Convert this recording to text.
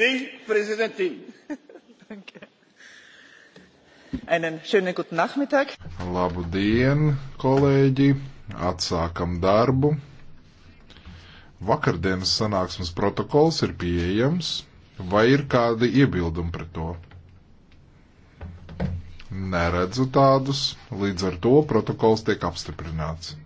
die Präsidentin. Danke. Einen schönen guten Nachmittag. Labu dienu, kolēģi. Atsākam darbu. Vakardienas sanāksmes protokols ir pieejams. Vai ir kādi iebildumi pret to? Neredzu tādus, līdz ar to protokols tiek apstiprināts.